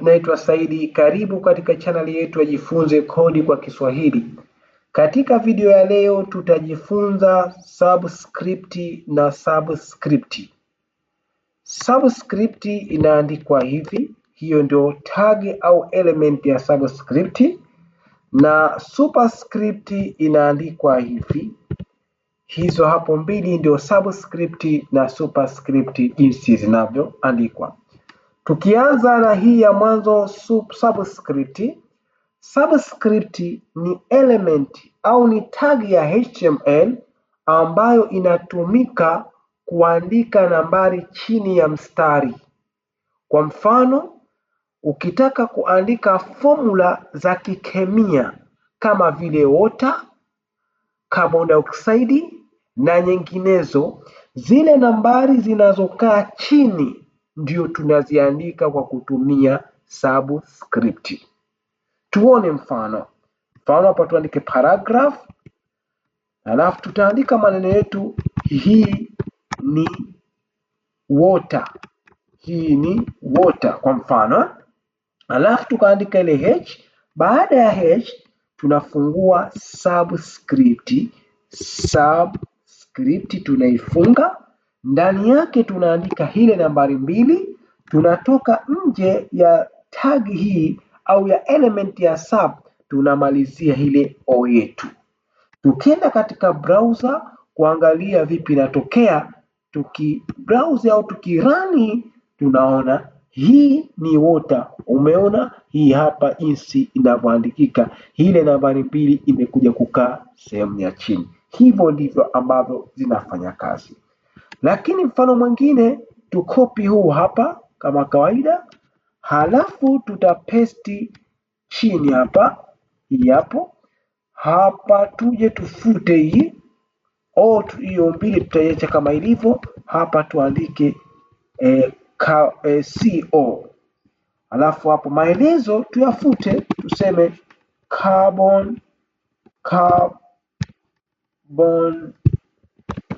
Naitwa Saidi, karibu katika chaneli yetu ya Jifunze Kodi kwa Kiswahili. Katika video ya leo tutajifunza subscript na subscript. Subscript inaandikwa hivi, hiyo ndio tag au element ya subscript, na superscript inaandikwa hivi. Hizo hapo mbili ndio subscript na superscript jinsi zinavyoandikwa. Tukianza na hii ya mwanzo subscript, subscript ni element au ni tag ya HTML ambayo inatumika kuandika nambari chini ya mstari. Kwa mfano, ukitaka kuandika fomula za kikemia kama vile water, carbon dioxide na nyinginezo, zile nambari zinazokaa chini ndio tunaziandika kwa kutumia subscript. Tuone mfano. Mfano hapa tuandike paragraph, alafu tutaandika maneno yetu. Hii ni water, hii ni water kwa mfano, alafu tukaandika ile h. Baada ya h tunafungua subscript, subscript tunaifunga ndani yake tunaandika ile nambari mbili, tunatoka nje ya tag hii au ya element ya sub, tunamalizia ile o yetu. Tukienda katika browser kuangalia vipi inatokea, browse au tukirani, tunaona hii ni water. Umeona hii hapa jinsi inavyoandikika, ile nambari mbili imekuja kukaa sehemu ya chini. Hivyo ndivyo ambavyo zinafanya kazi. Lakini mfano mwingine tukopi huu hapa kama kawaida, halafu tutapesti chini hapa, hii hapo hapa, tuje tufute hii o hiyo mbili, tutaiacha kama ilivyo hapa, tuandike eh, ka, eh, CO alafu hapo maelezo tuyafute, tuseme carbon carbon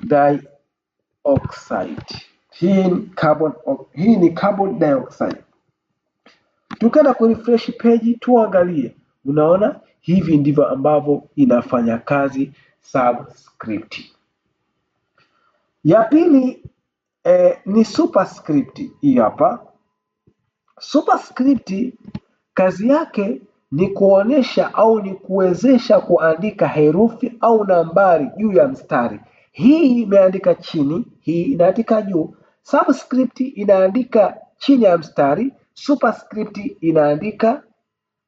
dioxide oxide. Hii ni carbon, hii ni carbon dioxide. ku refresh page tuangalie, unaona hivi ndivyo ambavyo inafanya kazi subscript. Ya pili eh, ni superscript. Hii hapa superscript, kazi yake ni kuonesha au ni kuwezesha kuandika herufi au nambari juu ya mstari. Hii imeandika chini, hii inaandika juu, subscript inaandika chini ya mstari, superscript inaandika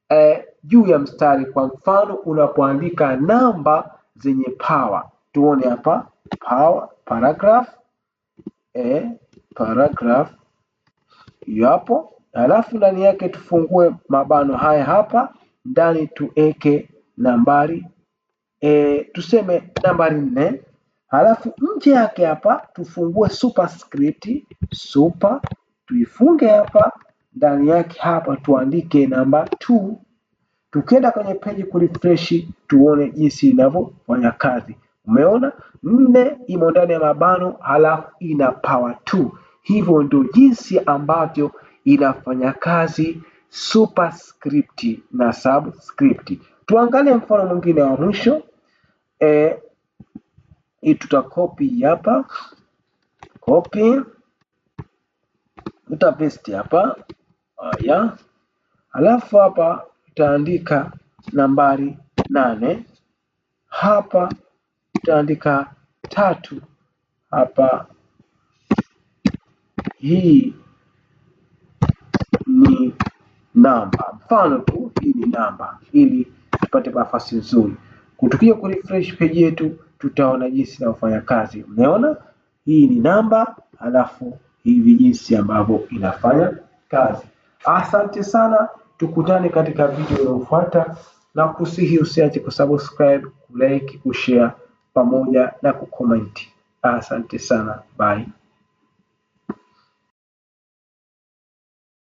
eh, juu ya mstari. Kwa mfano unapoandika namba zenye power, tuone hapa power paragraph, eh, paragraph yapo, halafu ndani yake tufungue mabano haya hapa, ndani tuweke nambari eh, tuseme nambari nne Halafu nje yake hapa tufungue superscript super, tuifunge hapa ndani yake hapa tuandike namba 2. Tukienda kwenye peji kurefresh, tuone jinsi inavyofanya kazi. Umeona nne imo ndani ya mabano, halafu ina power 2. Hivyo ndio jinsi ambavyo inafanya kazi superscript na subscript. Tuangalie mfano mwingine wa mwisho e, hii tutakopi hapa, copy paste hapa. Haya, alafu hapa tutaandika nambari nane hapa tutaandika tatu hapa. Hii ni namba, mfano tu, hii ni namba ili tupate nafasi nzuri. Kutukia kurefresh page yetu tutaona jinsi inavyofanya kazi. Umeona, hii ni namba, alafu hivi jinsi ambavyo inafanya kazi. Asante sana, tukutane katika video inayofuata, na kusihi usiache kusubscribe, kulike, kushare pamoja na kukomenti. Asante sana, bye.